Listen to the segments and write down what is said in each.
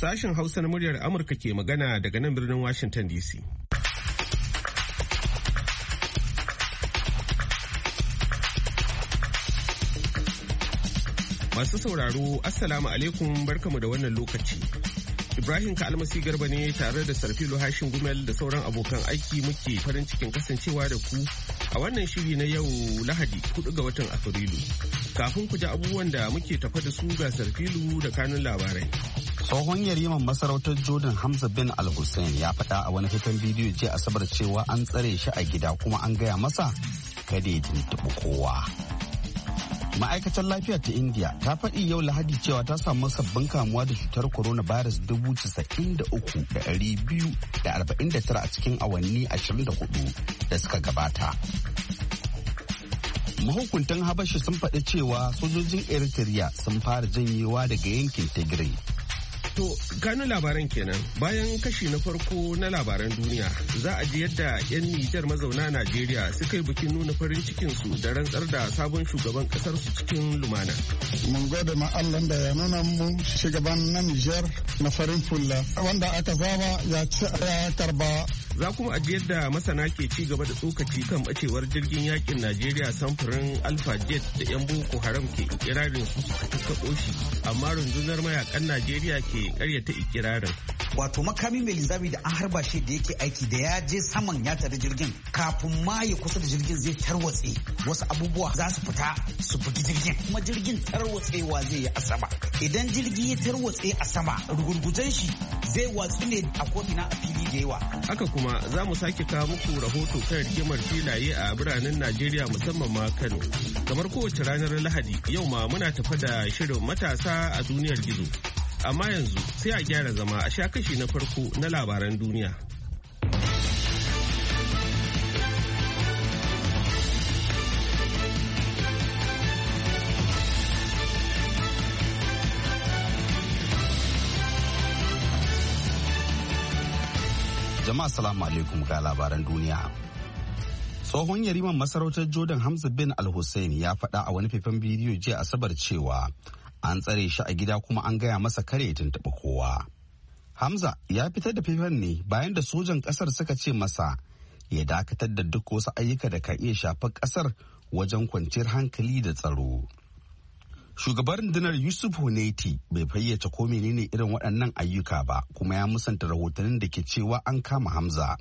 Sashen Hausa na muryar Amurka ke magana daga nan birnin Washington DC. Masu sauraro, Assalamu alaikum barkamu da wannan lokaci. Ibrahim Kalmasi Garba ne tare da sarfilu Hashin Gumel da sauran abokan aiki muke farin cikin kasancewa da ku a wannan shiri na yau Lahadi 4 ga watan Afrilu. Kafin ku ji abubuwan da muke tafa da su ga Sarfilu da kanun labarai. tsohon yariman masarautar jordan hamza bin al hussein ya faɗa a wani fitan bidiyo jiya asabar cewa an tsare shi a gida kuma an gaya masa kada ya tuntuɓi kowa ma'aikatar lafiya ta india ta faɗi yau lahadi cewa ta samu sabbin kamuwa da cutar da 93,249 a cikin awanni 24 da suka gabata mahukuntan habashi sun faɗi cewa sojojin eritrea sun fara janyewa daga yankin tigray To, gano labaran kenan bayan kashi na farko na labaran duniya za a ji yadda 'yan Nijar mazauna Najeriya suka yi bikin nuna farin cikinsu da rantsar da sabon shugaban kasar su cikin lumana. Mun gode ma Allah da ya nuna mu shugaban na Nijar na farin fulla wanda aka zaba ya ci ya karba. Za kuma a ji yadda masana ke ci gaba da tsokaci kan bacewar jirgin yakin Najeriya samfurin Alpha Jet da 'yan Boko Haram ke ikirarin su suka koshi amma rundunar mayakan Najeriya ke Karya karyata ikirarin wato makami mai linzami da an harba shi da yake aiki da ya je saman ya tare jirgin kafin ma ya kusa da jirgin zai tarwatse wasu abubuwa za su fita su bugi jirgin kuma jirgin tarwatsewa zai yi a sama idan jirgi ya tarwatse a sama rugurgujen shi zai watsu ne a ko'ina a fili da yawa haka kuma za mu sake kawo muku rahoto kan rigimar filaye a biranen najeriya musamman ma kano kamar kowace ranar lahadi yau ma muna tafa da shirin matasa a duniyar gizo amma yanzu sai a gyara zama a sha kashi na farko na labaran duniya. Jama'a salamu alaikum ga labaran duniya. Tsohon yariman masarautar Jordan Hamza bin Al-Hussein ya faɗa a wani faifan bidiyo jiya Asabar cewa an tsare shi a gida kuma an gaya masa kare ya tuntuɓi kowa hamza ya fitar da fifan ne bayan da sojan ƙasar suka ce masa ya dakatar da duk wasu ayyuka da ka iya shafar ƙasar wajen kwanciyar hankali da tsaro shugaban rundunar yusuf honeti bai fayyace ko menene irin waɗannan ayyuka ba kuma ya musanta rahotannin da ke cewa an kama hamza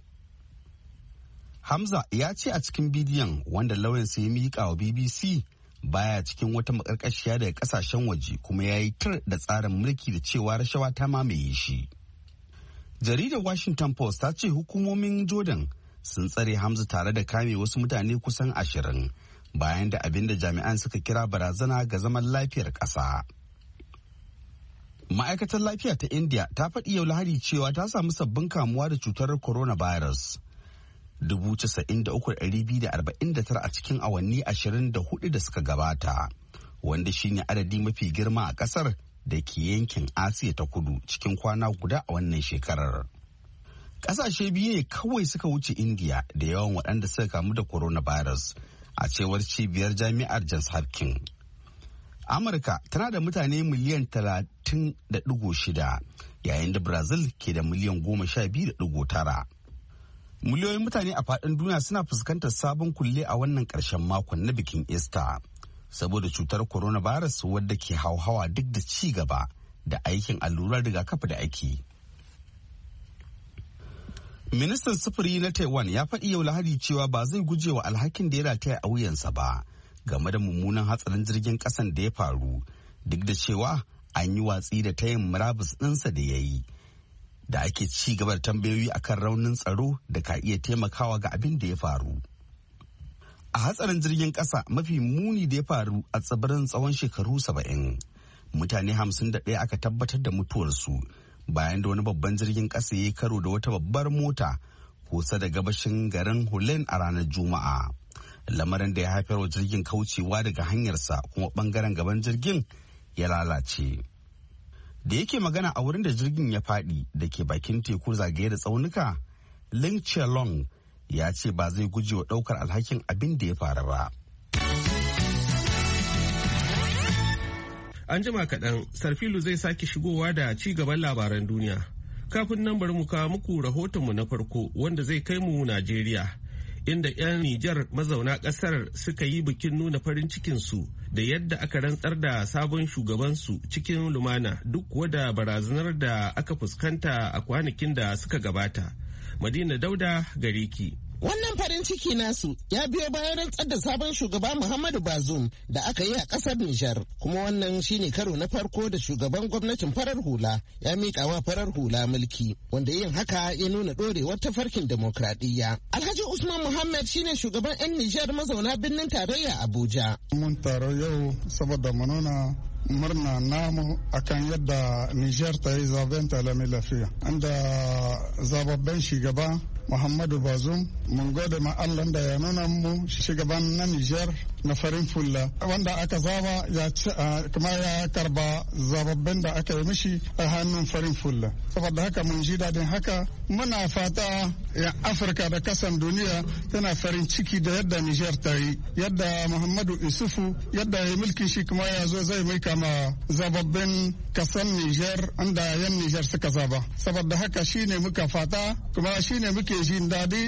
hamza ya ce a cikin bidiyon wanda lauyan sai ya miƙa wa bbc baya cikin wata makarkashiya daga kasashen waje kuma ya yi tir da tsarin mulki da cewa rashawa ta mamaye shi. Jaridar Washington Post ta ce hukumomin Jordan sun tsare Hamza tare da kame wasu mutane kusan ashirin bayan da abin da jami'an suka kira barazana ga zaman lafiyar ƙasa. Ma'aikatar lafiya ta India ta faɗi yau Lahadi cewa ta samu sabbin kamuwa da cutar coronavirus. virus. 93,249 a cikin awanni 24 da suka gabata wanda shine adadi mafi girma a kasar da ke yankin asiya ta kudu cikin kwana guda a wannan shekarar kasashe biyu ne kawai suka wuce indiya da yawan waɗanda suka kamu da coronavirus a cewar cibiyar jami'ar johns hopkins amurka tana da mutane miliyan 30.6 yayin da brazil ke da miliyan 12.9 Miliyoyin mutane a faɗin duniya suna fuskantar sabon kulle a wannan ƙarshen makon na bikin Easter. Saboda cutar coronavirus wadda ke hauhawa duk da ci gaba da aikin allurar rigakafi da ake. Ministan sufuri na Taiwan ya faɗi yau Lahadi cewa ba zai guje wa alhakin da ya rataya a wuyansa ba game da mummunan hatsarin jirgin ƙasan da ya faru duk da cewa an yi watsi da tayin murabus ɗinsa da ya yi. da ake ci gaba da tambayoyi akan raunin tsaro da ka iya taimakawa ga abin da ya faru. A hatsarin jirgin ƙasa mafi muni da ya faru a tsibirin tsawon shekaru saba'in. Mutane hamsin da ɗaya aka tabbatar da mutuwarsu bayan da wani babban jirgin ƙasa ya yi karo da wata babbar mota kusa da gabashin garin Hulen a ranar Juma'a. Lamarin da ya haifar wa jirgin kaucewa daga hanyarsa kuma bangaren gaban jirgin ya lalace. da yake magana a wurin da jirgin ya faɗi da ke bakin teku zagaye da tsaunuka ling chelong ya ce ba zai guje wa ɗaukar alhakin abin da ya faru ba an jima kaɗan sarfilu zai sake shigowa da ci gaban labaran duniya kafin nan bari mu kawo muku rahotonmu na farko wanda zai kai mu najeriya inda 'yan nijar mazauna ƙasar suka yi bikin nuna farin cikinsu da yadda aka rantsar da sabon shugabansu cikin lumana duk kuwa da barazanar da aka fuskanta a kwanakin da suka gabata. Madina Dauda gare ki. Wannan farin ciki nasu ya biyo bayan rantsar da sabon shugaba Muhammadu Bazoum da aka yi a ƙasar Nijar. Kuma wannan shine karo na farko da shugaban gwamnatin farar hula ya miƙa wa farar hula mulki wanda yin haka ya nuna ɗorewar tafarkin demokradiyya. Alhaji Usman Muhammad shine shugaban 'yan Nijar mazauna birnin tarayya Abuja. Mun taro yau saboda mu nuna murna namu akan yadda Niger ta yi zaben talami lafiya. Inda zababben shugaba Muhammadu Bazum mun gode ma Allah da ya nuna mu shugaban na Niger na farin fulla wanda aka zaba ya ci kuma ya karba zababben da aka yi mishi a hannun farin fulla. Saboda haka mun ji dadin haka muna fata ya Afirka da kasan duniya tana farin ciki da yadda Niger ta yi yadda Muhammadu Isufu yadda ya yi mulki shi kuma ya zo zai mai kama zababbin kasan Nijar inda yan Nijar suka zaba. Saboda haka shine muka fata kuma shine muke jin daɗi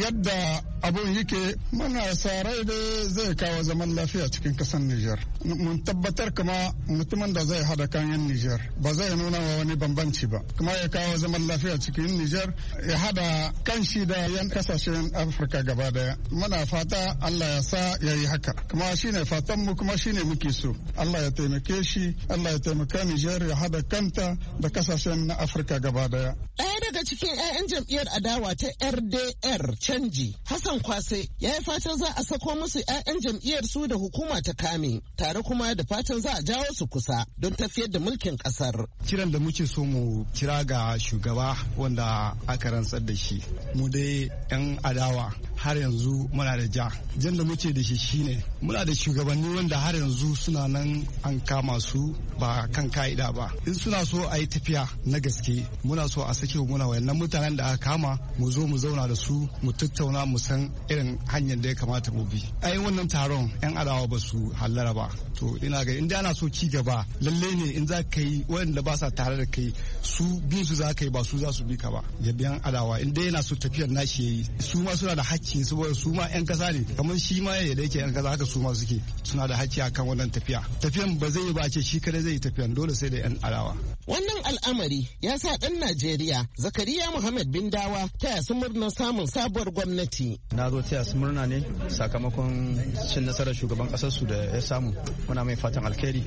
yadda abun yake muna sarai da zai kawo zaman lafiya cikin kasan Nijar. Mun tabbatar kuma mutumin da zai hada kan yan Nijar ba zai nuna wa wani bambanci ba. Kuma ya kawo zaman lafiya cikin Nijar ya hada kan shi da yan kasashen Afirka gaba daya. Muna fata Allah ya sa ya yi haka. Kuma shine fatanmu kuma shine muke so. Allah ya taimaka. taimake shi Allah ya taimaka Nijar ya hada kanta da kasashen na Afirka gaba daya. Ɗaya daga cikin 'ya'yan jam'iyyar adawa ta RDR canji Hassan Kwase ya yi fatan za a sako musu 'ya'yan jam'iyyar su da hukuma ta kame tare kuma da fatan za a jawo su kusa don tafiyar da mulkin kasar. Kiran da muke so mu kira ga shugaba wanda aka rantsar da shi. Mu dai 'yan adawa har yanzu muna da ja. Jan da muke da shi shine muna da shugabanni wanda har yanzu suna nan an kama su ba kan ka'ida ba in suna so a yi tafiya na gaske muna so a sake muna wayannan mutanen da aka kama mu zo mu zauna da su mu tattauna mu san irin hanyar da ya kamata mu bi ai wannan taron yan adawa ba su hallara ba to ina ga inda ana so ci gaba lalle ne in za ka yi wayanda ba sa tare da kai su bin su za ka yi ba su za su bi ka ba ya biyan adawa inda yana so tafiyar nashi yayi su ma suna da hakki saboda su ma yan kasa ne kamar shi ma ya da yake yan kasa haka su ma suke suna da hakki akan wannan tafiya tafiyan ba zai ba a ce shi kada zai yi tafiyan dole sai da yan alawa. Wannan al'amari ya sa ɗan Najeriya Zakariya Muhammad bin Dawa taya su murnar samun sabuwar gwamnati. Na zo taya su murna ne sakamakon cin nasarar shugaban ƙasar su da ya samu. Muna mai fatan alkhairi.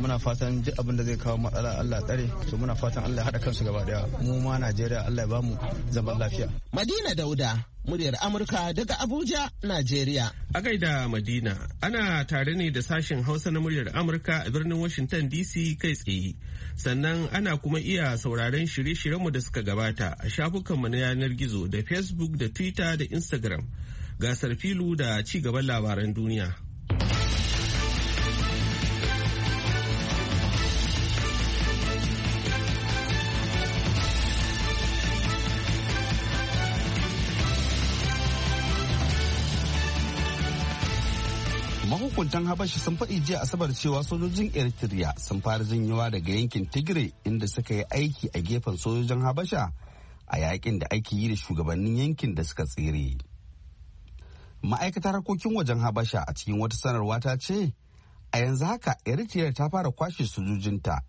Muna fatan duk abin da zai kawo matsala Allah tsare. To muna fatan Allah ya haɗa kansu gaba ɗaya. Mu ma Najeriya Allah ya ba mu zaman lafiya. Madina Dauda muryar Amurka daga Abuja, Najeriya. A gaida Madina, ana tare ne da sashen Hausa na muryar Amurka a birnin Washington DC kai tsaye. sannan ana kuma iya sauraron shirye-shiryenmu da suka gabata a shafukanmu na yanar gizo da facebook da twitter da instagram gasar filu da ci gaban labaran duniya hukuntan Habashi sun faɗi jiya Asabar cewa sojojin Eritrea sun fara janyewa daga yankin Tigray inda suka yi aiki a gefen sojojin Habasha a yakin da ake yi da shugabannin yankin da suka tsere. Ma'aikatar harkokin wajen Habasha a cikin wata sanarwa ta ce, a yanzu haka Eritrea ta fara kwashe sojojinta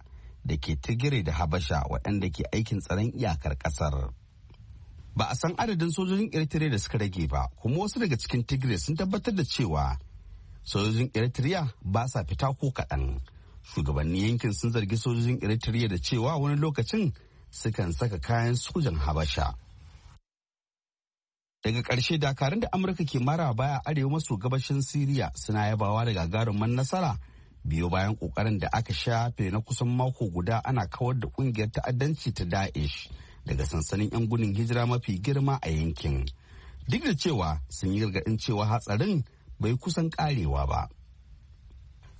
da ke Tigray da Habasha waɗanda ke aikin tsaron iyakar ƙasar. Ba a san adadin sojojin Eritrea da suka rage ba, kuma wasu daga cikin Tigray sun tabbatar da cewa sojojin eritrea ba sa fita ko kaɗan shugabannin yankin sun zargi sojojin eritrea da cewa wani lokacin sukan saka kayan sojan habasha daga ƙarshe dakarun da amurka ke mara baya arewa maso gabashin siriya suna yabawa da gagarumin nasara biyo bayan ƙoƙarin da aka shafe na kusan mako guda ana kawar da ƙungiyar ta'addanci ta daesh daga sansanin 'yan gudun hijira mafi girma a yankin duk da cewa sun yi gargaɗin cewa hatsarin bai kusan karewa ba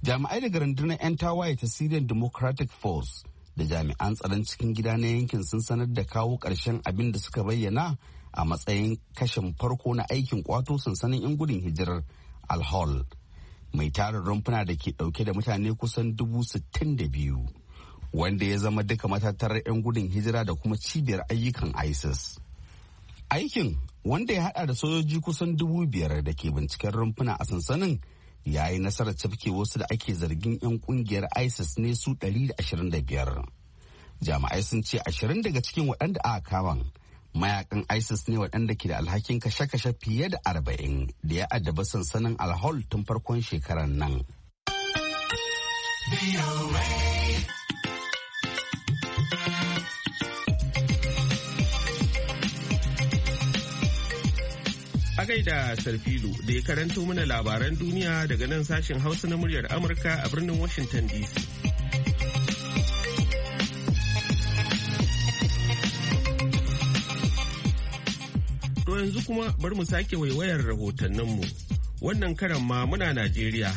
jami'ai daga rundunar 'yan tawaye ta syrian democratic force da jami'an tsaron cikin gida na yankin sun sanar da kawo ƙarshen abin da suka bayyana a matsayin kashin farko na aikin kwato sansanin 'yan gudun hijirar al alhol mai tara rumfuna da ke ɗauke da mutane kusan dubu sittin da biyu wanda ya zama duka matattarar 'yan gudun hijira da kuma cibiyar ayyukan isis aikin wanda ya hada da sojoji kusan dubu biyar da ke binciken rumfuna a sansanin ya yi nasarar cafke wasu da ake zargin 'yan kungiyar isis ne su 125 jami'ai sun ce 20 daga cikin waɗanda aka kawan mayakan isis ne waɗanda ke da alhakin kashe-kashe fiye da 40 da ya addaba sansanin alhol tun farkon shekarar nan. agai gaida Sarfilu da ya karanto mana labaran duniya daga nan sashen Hausa na muryar Amurka a birnin Washington DC. To yanzu kuma bar mu sake waiwayar rahotanninmu. Wannan karan ma muna Najeriya.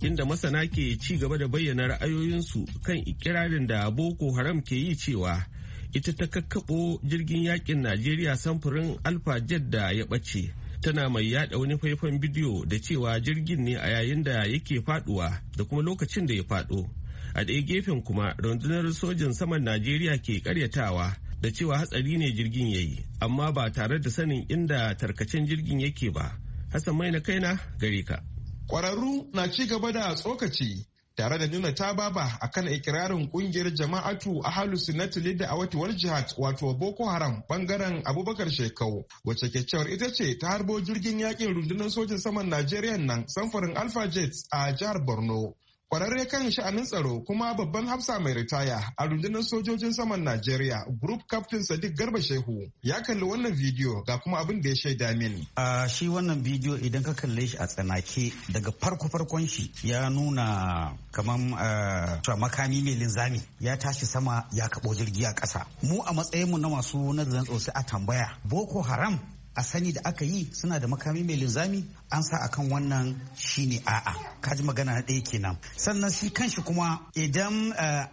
Inda masana ke ci gaba da bayyana ra'ayoyinsu kan ikirarin da Boko Haram ke yi cewa ita ta kakkaɓo jirgin yakin Najeriya samfurin Alfa Jet da ya ɓace. tana mai yada wani faifan bidiyo da cewa jirgin ne a yayin da yake faduwa da kuma lokacin da ya fado a ɗaya gefen kuma rundunar sojin saman najeriya ke karyatawa da cewa hatsari ne jirgin ya yi amma ba tare da sanin inda tarkacen jirgin yake ba hassan mai na kaina gare ka kwararru na ci gaba da tsokaci tare da nuna tababa a kan ikirarin kungiyar jama'atu a halu na da a watuwar jihad wato boko haram bangaren abubakar shekau wacce ke ita ce ta harbo jirgin yakin rundunar sojin saman najeriya nan samfurin alpha jets a jihar borno Kwararre kan sha'anin tsaro kuma babban hafsa mai ritaya a rundunar sojojin saman Najeriya Group Captain Sadiq Garba Shehu ya kalli wannan bidiyo ga kuma abin da ya shaida mini. A shi wannan bidiyo idan ka kalle shi a tsanake daga farko farkon shi ya nuna kaman eh, makami mai linzami ya tashi sama ya kabo jirgi a ƙasa. Mu a matsayin mu na masu nazarin sosai a tambaya Boko Haram a sani da aka yi suna da makami mai linzami an sa akan wannan shine a'a ka ji magana na ɗaya kenan sannan shi kanshi kuma idan eh,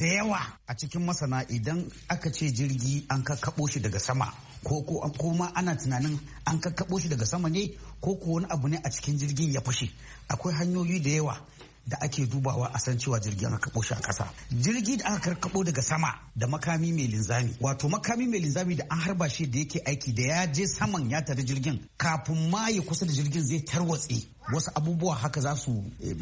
da yawa a cikin masana idan aka ce jirgi an kakkaɓo shi daga sama ko kuma ana tunanin an kakkaɓo shi daga sama ne ko ko wani abu ne a cikin jirgin ya fashe akwai hanyoyi da yawa da ake dubawa a san cewa jirgin aka kabo shi a ƙasa jirgi da aka karkabo daga sama da makami mai linzami wato makami mai linzami da an harba shi da yake aiki da ya je saman ya tare jirgin kafin ma ya kusa da jirgin zai tarwatse wasu abubuwa haka za su eh,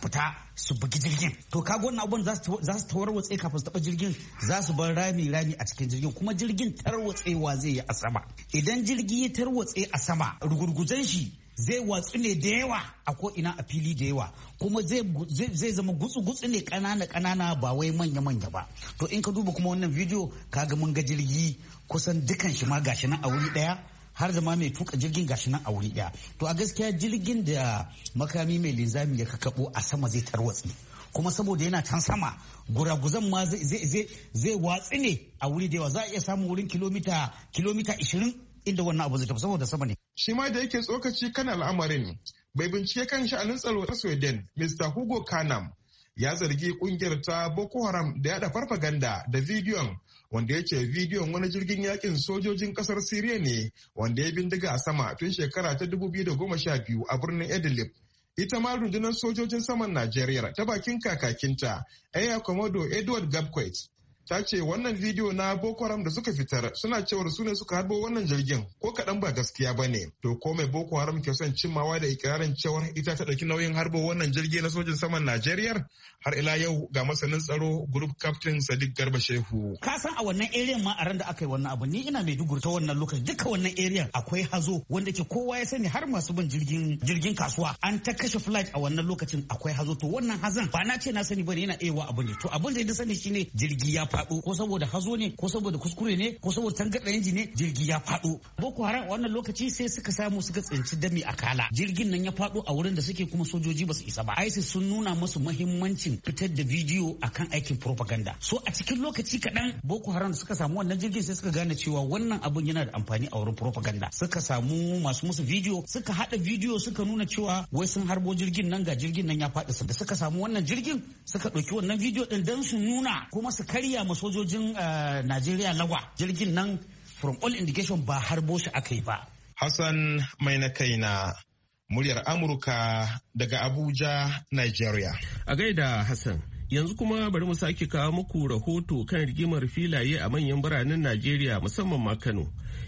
fita su bugi jirgin to kaga wannan abun za su tawarwatse kafin su taba jirgin za su bar rami rami a cikin jirgin kuma jirgin tarwatsewa zai yi a sama idan jirgi ya tarwatse a sama rugurgujen shi zai watsu ne da yawa a ko ina a fili da yawa kuma zai zama gutsu-gutsu ne kanana-kanana ba wai manya-manya ba to in ka duba kuma wannan bidiyo kaga mun ga jirgi kusan dukan shi ma gashi nan a wuri daya har zama mai tuka jirgin gashi nan a wuri daya to a gaskiya jirgin da makami mai linzami ya kakabo a sama zai tarwatsi kuma saboda yana can sama guraguzan ma zai watsi ne a wuri da yawa za a iya samun wurin kilomita kilomita 20 inda wannan abu zai tafi saboda sama ne shi ma da yake tsokaci kan al'amarin Bai bincike kan sha'anin tsaro ta sweden mr hugo kanam ya zargi kungiyar ta boko haram da yada farfaganda da bidiyon wanda ya ce bidiyon wani jirgin yakin sojojin kasar siriya ne wanda ya bindiga a sama tun shekara ta 2012 a birnin idlib ita ma rundunar sojojin saman najeriya ta bakin kakakinta aya komodo edward gabquet ta ce wannan bidiyo na Boko Haram da suka fitar suna cewar su ne suka harbo wannan jirgin ko kaɗan ba gaskiya ba ne. To ko mai Boko Haram ke son cimmawa da ikirarin cewar ita ta ɗauki nauyin harbo wannan jirgi na sojin saman Najeriya har ila yau ga masanin tsaro group captain Sadiq Garba Shehu. Ka san a wannan area ma a ran da aka yi wannan abu ni ina mai dugurta wannan lokacin duka wannan area akwai hazo wanda ke kowa ya sani har masu bin jirgin jirgin kasuwa an ta kashe flight a wannan lokacin akwai hazo to wannan hazan ba na ce na sani ba yana ɗewa abu ne to abin da ya sani shine jirgi ya faru. faɗo ko saboda hazo ne ko saboda kuskure ne ko saboda tangarɗa inji ne jirgi ya faɗo boko haram wannan lokaci sai suka samu suka tsinci dami a kala jirgin nan ya faɗo a wurin da suke kuma sojoji ba su isa ba isis sun nuna musu mahimmancin fitar da bidiyo akan aikin propaganda so a cikin lokaci kaɗan boko haram suka samu wannan jirgin sai suka gane cewa wannan abun yana da amfani a wurin propaganda suka samu masu musu bidiyo suka haɗa bidiyo suka nuna cewa wai sun harbo jirgin nan ga jirgin nan ya faɗi da suka samu wannan jirgin suka ɗauki wannan bidiyo ɗin don su nuna kuma su karya karya ma sojojin eh, Najeriya lagwa jirgin nan from all indication ba harbo shi aka yi ba. Hassan mai na kaina muryar Amurka daga Abuja, Nigeria. A gaida Hassan. Yanzu kuma bari mu sake kawo muku rahoto kan rigimar filaye a manyan biranen Najeriya musamman ma Kano,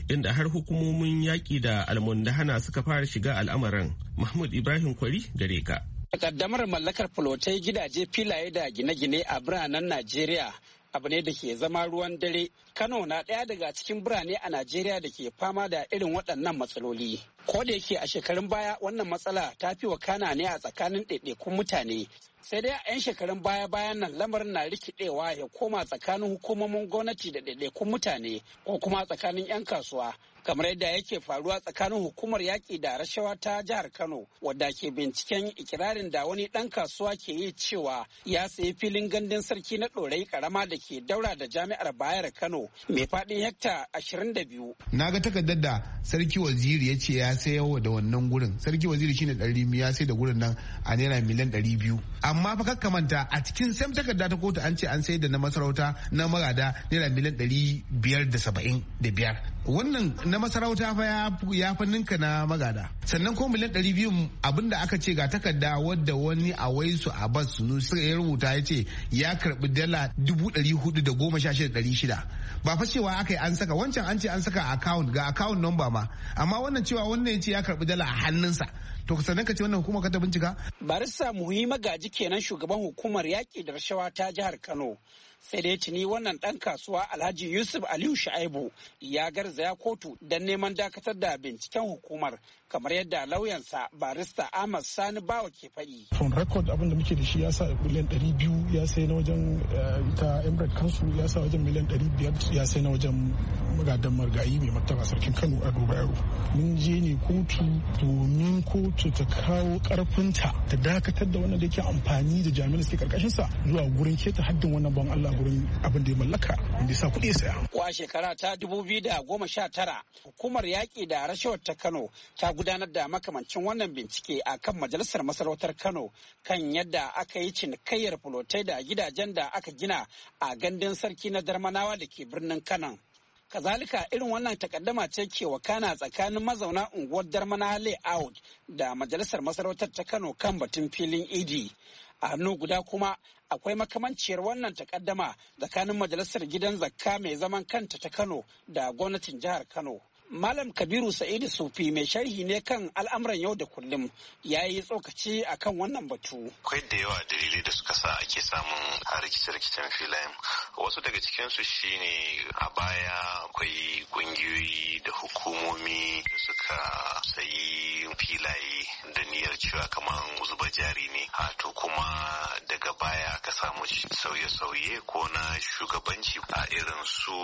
inda har hukumomin yaƙi da almundahana suka fara shiga al'amarin. Mahmud Ibrahim Kwari gare ka. Takaddamar mallakar fulotai gidaje filaye da gine-gine a biranen Najeriya abu ne da ke zama ruwan dare kano na ɗaya daga cikin birane a najeriya da ke fama da irin waɗannan matsaloli ko da yake a shekarun baya wannan matsala ta fi wakana ne a tsakanin ɗaiɗaikun mutane sai dai a 'yan shekarun baya bayan nan lamarin na rikidewa ya koma tsakanin hukumomin gwamnati da ɗaiɗaikun mutane ko kuma tsakanin 'yan kasuwa kamar yadda yake faruwa tsakanin hukumar yaƙi da rashawa ta jihar kano wadda ke binciken ikirarin da wani ɗan kasuwa ke yi cewa ya sayi filin gandun sarki na ɗorai karama da ke daura da jami'ar bayar kano mai faɗin hekta ashirin da biyu. na ga takardar da sarki waziri ya ce ya sayo da wannan gurin sarki waziri shine ɗari ya sai da gurin nan a naira miliyan ɗari biyu amma fa manta a cikin sam takarda ta kotu an ce an sayar da na masarauta na marada naira miliyan ɗari biyar da saba'in da biyar wannan na masarauta fa ya ya fa ninka na magada sannan ko miliyan ɗari biyu abinda aka ce ga takarda wadda wani a waisu a bas ya rubuta ya ce ya karbi dala dubu ɗari hudu da goma sha shida ɗari shida ba fa cewa aka yi an saka wancan an ce an saka account ga account number ma amma wannan cewa wannan ya ce ya karbi dala a hannunsa to sannan ka ce wannan hukuma ka ta bincika barista muhimmi gaji kenan shugaban hukumar yaƙi da rashawa ta jihar kano sai dai tuni wannan ɗan kasuwa alhaji yusuf aliyu sha'ibu ya garzaya kotu don neman dakatar da binciken hukumar kamar yadda lauyansa barista Ahmad Sani Bawa ke faɗi. From record abin da muke da shi ya sa miliyan ɗari biyu ya sai na wajen eh, ta Emirate kansu ya sa wajen miliyan ɗari biyar ya sai na wajen magadan margayi mai martaba sarkin Kano a Dubai Yaro. Mun je ne kotu domin kotu ta kawo ƙarfinta ta dakatar da wannan da yake amfani da jami'an suke sa zuwa gurin keta haddin wannan ban Allah gurin abin da ya mallaka ya sa kuɗi saya. wa shekara ta dubu biyu da goma sha tara hukumar yaƙi da rashawar ta Kano ta gudanar da makamancin wannan bincike a kan majalisar masarautar Kano kan yadda aka yi cinikayyar fulotai da gidajen da aka gina a gandun sarki na Darmanawa da ke birnin Kano. Kazalika irin wannan takaddama ce ke wakana tsakanin mazauna unguwar Darmana Layout da majalisar masarautar ta Kano kan batun filin idi. a hannu guda kuma akwai makamanciyar wannan takaddama tsakanin majalisar gidan zakka mai zaman kanta ta kano da gwamnatin jihar kano Malam Kabiru Sa'idu Sufi mai sharhi ne kan al'amuran yau da kullum ya yi tsokaci a kan wannan batu. Akwai da yawa dalilai da suka sa ake samun a rikice-rikicen filayen. Wasu daga cikinsu shi ne a baya akwai kungiyoyi da hukumomi da suka sayi filaye da niyyar cewa kamar zuba jari ne. Hato kuma daga baya ka samu sauye-sauye ko na shugabanci a irin su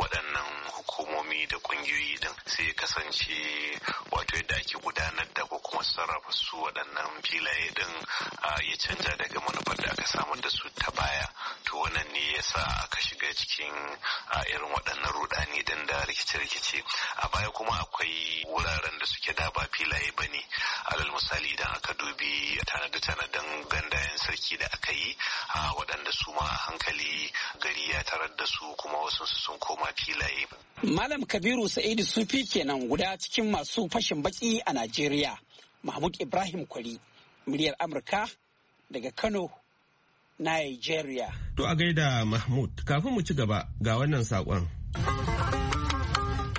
waɗannan hukumomi da kungiyoyi da sai ya kasance wato yadda ake gudanar da ko kuma sarrafa su waɗannan filaye din ya canja daga manufar da aka samar da su ta baya to wannan ne ya sa aka shiga cikin irin waɗannan rudani din da rikice-rikice a baya kuma akwai wuraren da suke da ba filaye ba ne alal misali idan aka dubi tanade tanadan gandayen sarki da aka yi a waɗanda su ma hankali gari ya tarar da su kuma wasu sun koma filaye. Malam Kabiru Sa'idu sufi kenan guda cikin masu fashin baki a Najeriya. Mahmud Ibrahim Kwari, muryar Amurka daga Kano, Nigeria. To a gaida Mahmud, kafin mu ci gaba ga wannan saƙon.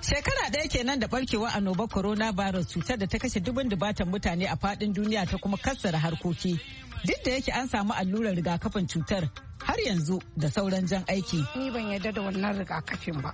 Shekara ɗaya kenan da barkewa Corona coronavirus cutar da ta kashe dubin dubatan mutane a faɗin duniya ta kuma kassara harkoki. Duk da yake an samu allurar rigakafin cutar har yanzu da sauran jan aiki. Ni ban yarda da wannan rigakafin ba.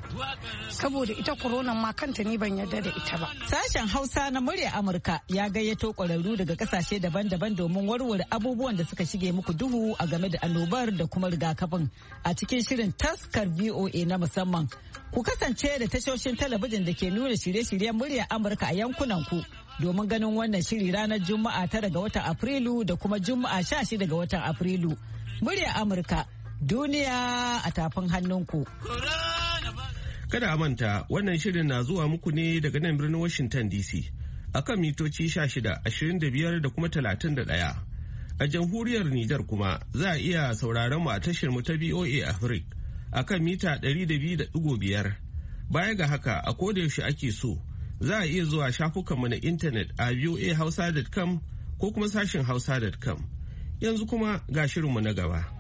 Saboda ita korona ma kanta ni ban yarda da ita ba. Sashen Hausa na murya Amurka ya gayyato ƙwararru daga kasashe daban-daban domin warware abubuwan da suka shige muku duhu a game da annobar da kuma rigakafin a cikin shirin taskar VOA na musamman. Ku kasance da tashoshin talabijin da ke nuna shirye-shiryen murya Amurka a yankunan ku. domin ganin wannan shiri ranar Juma'a tara ga watan Afrilu da kuma Juma'a sha shida ga watan Afrilu. Murya Amurka duniya a tafin hannunku. Kada a manta wannan shirin na zuwa muku ne daga nan birnin Washington DC akan mitoci sha shida ashirin da biyar da kuma talatin da ɗaya. A jamhuriyar Nijar kuma za a iya sauraron mu a tashar mu ta BOA Africa akan mita ɗari da biyu da ɗigo biyar. Baya ga haka a koda yaushe ake so za a iya zuwa shafukanmu na intanet a voahausa.com ko kuma sashin hausa.com. Yanzu kuma ga shirinmu na gaba.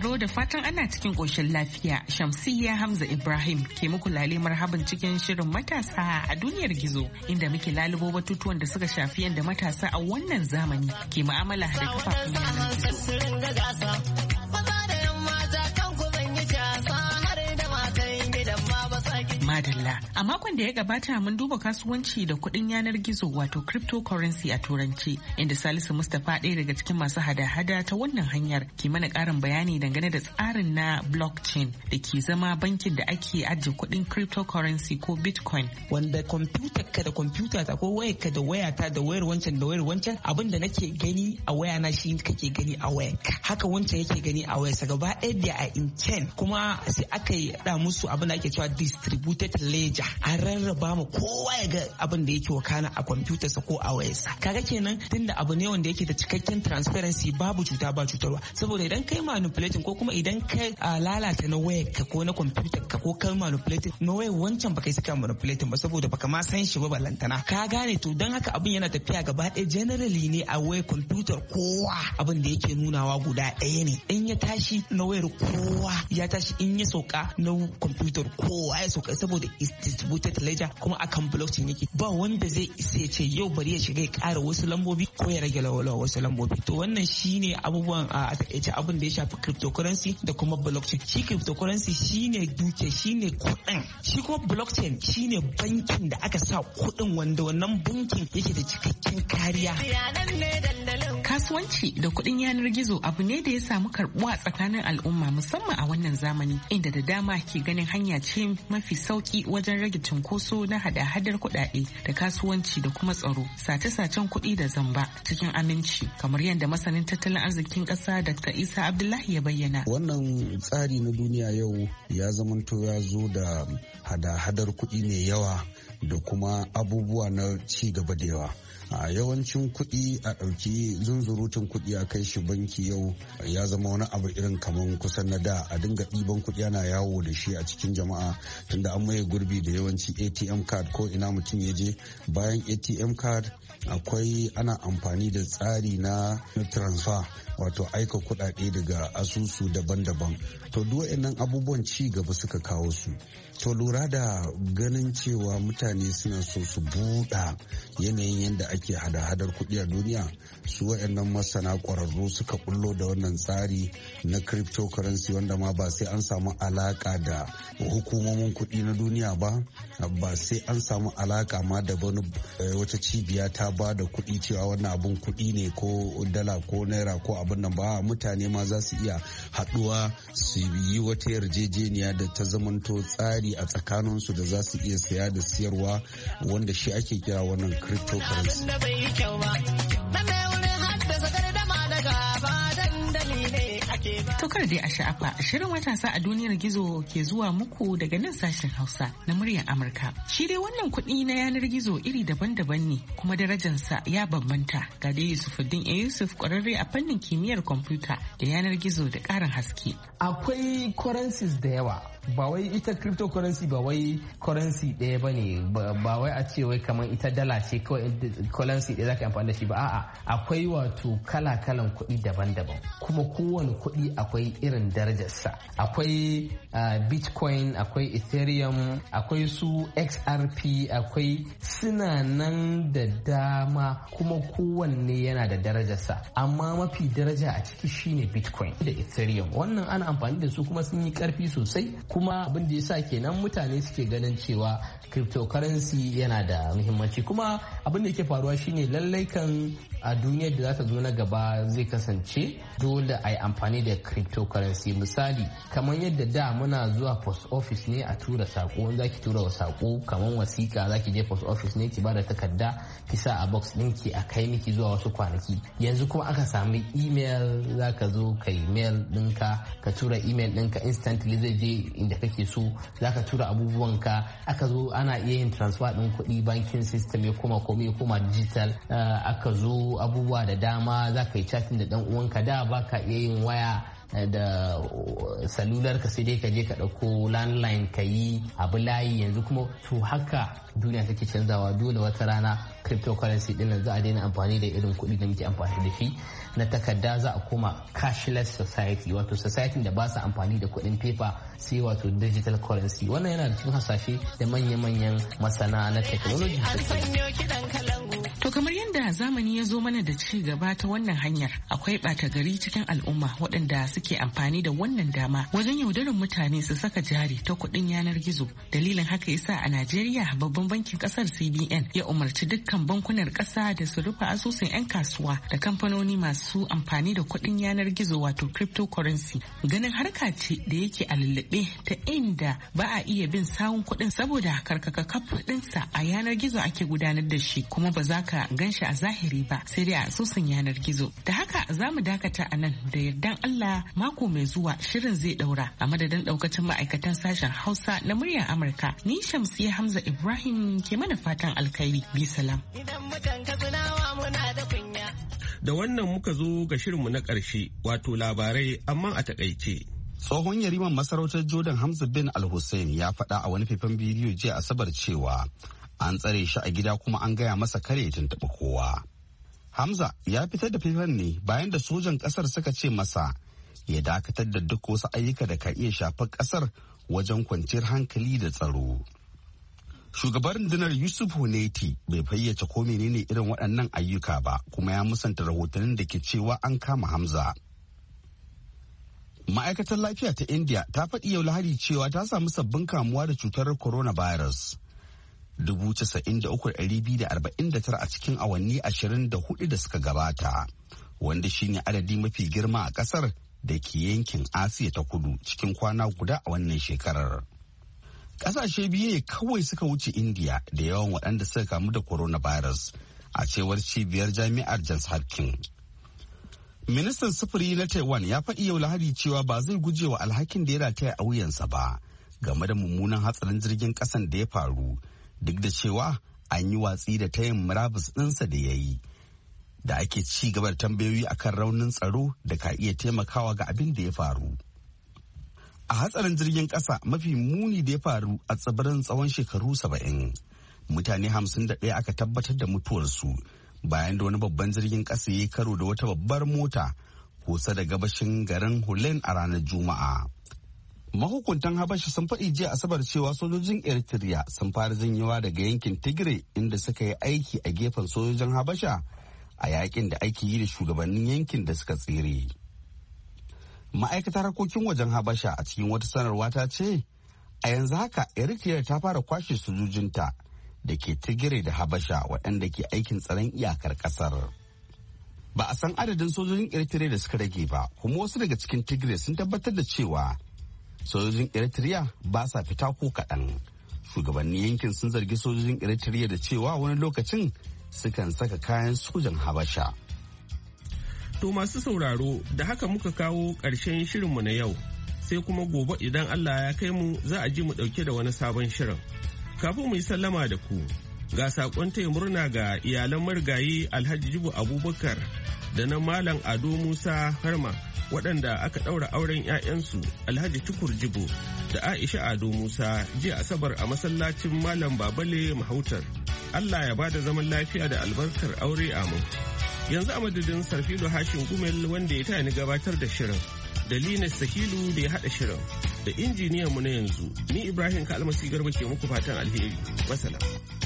sauraro da fatan ana cikin ƙoshin lafiya Shamsiyya Hamza Ibrahim ke muku lale marhaban cikin shirin matasa a duniyar gizo inda muke lalubo batutuwan da suka shafi yadda matasa a wannan zamani ke ma'amala da kafafen yanar gizo. adalla A makon da ya gabata mun duba kasuwanci da kuɗin yanar gizo wato cryptocurrency a turanci inda Salisu Mustapha ɗaya daga cikin masu hada-hada ta wannan hanyar ke mana ƙarin bayani dangane da tsarin na blockchain da ke zama bankin da ake ajiye kuɗin cryptocurrency ko bitcoin. Wanda kwamfuta ka da kwamfuta ta ko wayar ka da waya ta da wayar wancan da wayar wancan abin da nake gani a waya na shi kake gani a waya haka wancan yake gani a waya sa gaba ɗaya da a in kuma sai aka yi da musu abin da ake cewa distributed separate ledger an rarraba mu kowa ya ga abin da yake wakana a sa ko a wayarsa kaga kenan tunda abu ne wanda yake da cikakken transparency babu cuta ba cutarwa saboda idan kai manipulating ko kuma idan kai lalata na wayar ka ko na kwamfutar ka ko kai manipulating na wayar wancan baka saka manipulating ba saboda baka ma san shi ba balantana ka gane to dan haka abin yana tafiya gaba ɗaya generally ne a wayar kwamfutar kowa abin da yake nunawa guda ɗaya ne in ya tashi na wayar kowa ya tashi in ya sauka na kwamfutar kowa ya sauka saboda distributed ledger kuma akan blockchain yake ba wanda zai isa ce yau bari ya shiga ya kara wasu lambobi ko ya rage lawalawa wasu lambobi to wannan shine abubuwan a takaice abin da ya shafi cryptocurrency da kuma blockchain shi cryptocurrency shine duke shine kuɗin shi kuma blockchain shine bankin da aka sa kuɗin wanda wannan bankin yake da cikakken kariya. kasuwanci da kuɗin yanar gizo abu ne da ya samu karbuwa tsakanin al'umma musamman a wannan zamani inda da dama ke ganin hanya ce mafi sauki wajen rage cunkoso na hada-hadar kuɗaɗe da kasuwanci da kuma tsaro sace-sacen kuɗi da zamba cikin aminci kamar yadda masanin tattalin arzikin ƙasa Dr. Isa Abdullahi ya bayyana. Wannan tsari na duniya yau ya zamanto ya zo da hada-hadar kuɗi mai yawa da kuma abubuwa na ci gaba da yawa. a yawancin kuɗi a ɗauki zunzurutun kuɗi a kai shi banki yau ya zama wani abu irin kamar kusan na da a dinga ɗiban kuɗi ana yawo da shi a cikin jama'a tunda an maye gurbi da yawanci atm card ko ina mutum ya je bayan atm card akwai ana amfani da tsari na transfer wato aika kuɗaɗe daga asusu daban-daban to duk waɗannan abubuwan ci gaba suka kawo su to lura da ganin cewa mutane suna so su buɗa yanayin yadda ake ke hada-hadar kudi a duniya su waɗannan masana ƙwararru suka bullo da wannan tsari na cryptocurrency wanda ma ba sai an samu alaka da hukumomin kudi na duniya ba ba sai an samu alaka ma da wani eh, wata cibiya ta ba da kudi cewa wannan abun kudi ne ko dala ko naira ko abin nan ba mutane ma za su iya haɗuwa su yi wata yarjejeniya da ta zamanto tsari a tsakaninsu da za su iya saya da siyarwa wanda shi ake kira wannan cryptocurrency. da yi kyau ba. da dai a sha'afa shirin matasa a duniyar gizo ke zuwa muku daga nan sashen Hausa na muryar Amurka. Shi dai wannan kuɗi na yanar gizo iri daban-daban ne kuma darajarsa ya bambanta. Ga dai Yusufuddin A Yusuf ƙwararre a fannin kimiyyar kwamfuta da yanar gizo da ƙarin haske. Akwai currencies da yawa ba wai ita cryptocurrency ba wai currency ɗaya ba ne ba wai a ce wai kamar ita dala ce currency ɗaya za ka amfani da shi ba a'a akwai wato kala-kalan kuɗi daban-daban kuma kowane kuɗi akwai irin darajarsa akwai bitcoin akwai ethereum akwai su xrp akwai suna nan da dama kuma kowanne yana da darajarsa amma mafi daraja a ciki shine bitcoin da ethereum wannan ana amfani da su kuma sun yi karfi sosai ko kuma abin da yasa kenan mutane suke ganin cewa cryptocurrency yana da muhimmanci kuma abin da yake faruwa shine lallai kan a duniyar da za ta zo na gaba zai kasance dole a yi amfani da cryptocurrency misali kamar yadda da muna zuwa post office ne a tura sako za ki tura wa sako kamar wasiƙa za ki je post office ne ki bada takarda ki sa a box ɗinki a kai miki zuwa wasu kwanaki yanzu kuma aka sami email za ka zo ka yi mail ɗinka ka tura email ɗinka instantly zai je inda kake so za ka tura abubuwanka aka zo ana iya yin transfer ɗin kuɗi banking system ya koma komai ya koma digital eh, aka zo abubuwa da dama za ka yi chatting da dan uwanka da ba ka iya yin waya eh, da eh, salular ka sai dai ka je ka ɗauko landline ka yi abu layi yanzu kuma to haka duniya take canzawa dole wata rana cryptocurrency din za a daina amfani da irin kuɗi da muke amfani da shi na takarda za a koma cashless society wato society da ba su amfani da kuɗin paper sai wato digital currency wannan yana da cikin hasashe da manya-manyan masana na technology To kamar yadda zamani ya zo mana da ci gaba ta wannan hanyar akwai ɓata gari cikin al'umma waɗanda suke amfani da wannan dama wajen yaudarar mutane su saka jari ta kuɗin yanar gizo. Dalilin haka yasa a Najeriya babban bankin ƙasar CBN ya umarci dukkan bankunan ƙasa da su rufe asusun 'yan kasuwa da kamfanoni masu masu amfani da kuɗin yanar gizo wato cryptocurrency ganin harka ce da yake a lullube ta inda ba a iya bin sawun kuɗin saboda karkaka ɗinsa a yanar gizo ake gudanar da shi kuma ba za ka gan shi a zahiri ba sai dai a asusun yanar gizo da haka za mu dakata a nan da yardan Allah mako mai zuwa shirin zai ɗaura a madadin ɗaukacin ma'aikatan sashen Hausa na muryar Amurka ni ya Hamza Ibrahim ke mana fatan alkhairi bi salam idan mutan ka muna da wannan muka zo ga shirinmu na ƙarshe wato labarai amma a takaice. Tsohon yariman masarautar Jordan Hamza bin Al-Hussein ya faɗa a wani faifan bidiyo jiya Asabar cewa an tsare shi a gida kuma an gaya masa kare ya tuntuɓi kowa. Hamza ya fitar da faifan ne bayan da sojan ƙasar suka ce masa ya dakatar da duk wasu ayyuka da ka iya shafar ƙasar wajen kwanciyar hankali da tsaro. Shugaban rundunar Yusuf Huneti bai fayyace ko menene irin waɗannan ayyuka ba kuma ya musanta rahotannin da ke cewa an kama Hamza. Ma'aikatar lafiya ta India ta faɗi yau Lahadi cewa ta samu sabbin kamuwa da cutar coronavirus. tara a cikin awanni ashirin da hudu da suka gabata, wanda shine adadi mafi girma a ƙasar da ke yankin Asiya ta kudu cikin kwana guda a wannan shekarar. Kasashe biyu ne kawai suka wuce Indiya da yawan waɗanda suka kamu da coronavirus a cewar cibiyar jami'ar Johns Hopkins. Ministan sufuri na Taiwan ya faɗi yau Lahadi cewa ba zai guje wa alhakin da ya rataya a wuyansa ba game da mummunan hatsarin jirgin ƙasan da ya faru duk da cewa an yi watsi da tayin murabus ɗinsa da ya yi. Da ake ci gaba da tambayoyi akan raunin tsaro da ka iya taimakawa ga abin da ya faru. a hatsarin jirgin kasa mafi muni da ya faru a tsibirin tsawon shekaru saba'in mutane hamsin da ɗaya aka tabbatar da mutuwarsu bayan da wani babban jirgin kasa ya karo da wata babbar mota kusa da gabashin garin hulen a ranar juma'a mahukuntan habasha sun faɗi jiya asabar cewa sojojin eritrea sun fara janyewa daga yankin tigray inda suka yi aiki a gefen sojojin habasha a yakin da ake yi da shugabannin yankin da suka tsere ma'aikatar harkokin wajen habasha a cikin wata sanarwa ta ce a yanzu haka eritrea ta fara kwashe sojojinta da ke tigire da habasha waɗanda ke aikin tsaron iyakar ƙasar ba a san adadin sojojin eritrea da suka rage ba kuma wasu daga cikin tigire sun tabbatar da cewa sojojin eritrea ba sa fita ko kaɗan Shugabanni yankin sun zargi sojojin eritrea da cewa wani lokacin sukan saka kayan sojan habasha To masu sauraro da haka muka kawo ƙarshen shirinmu na yau sai kuma gobe idan Allah ya kai mu za a ji mu ɗauke da wani sabon shirin. Kafin mu yi sallama da ku ga saƙon taya murna ga iyalan marigayi Alhaji Jibu Abubakar da na Malam Ado Musa Harma waɗanda aka ɗaura auren 'ya'yansu Alhaji Tukur Jibo da Aisha Ado Musa jiya Asabar a masallacin Malam Babale Mahautar. Allah ya ba da zaman lafiya da albarkar aure a amin. yanzu a madadin sarfilo hashin gumel wanda ya tani gabatar da shirin da linus sakilu da ya haɗa shirin da injiniyan mu na yanzu ni ibrahim kalmasi garba ke muku fatan alheri wasalam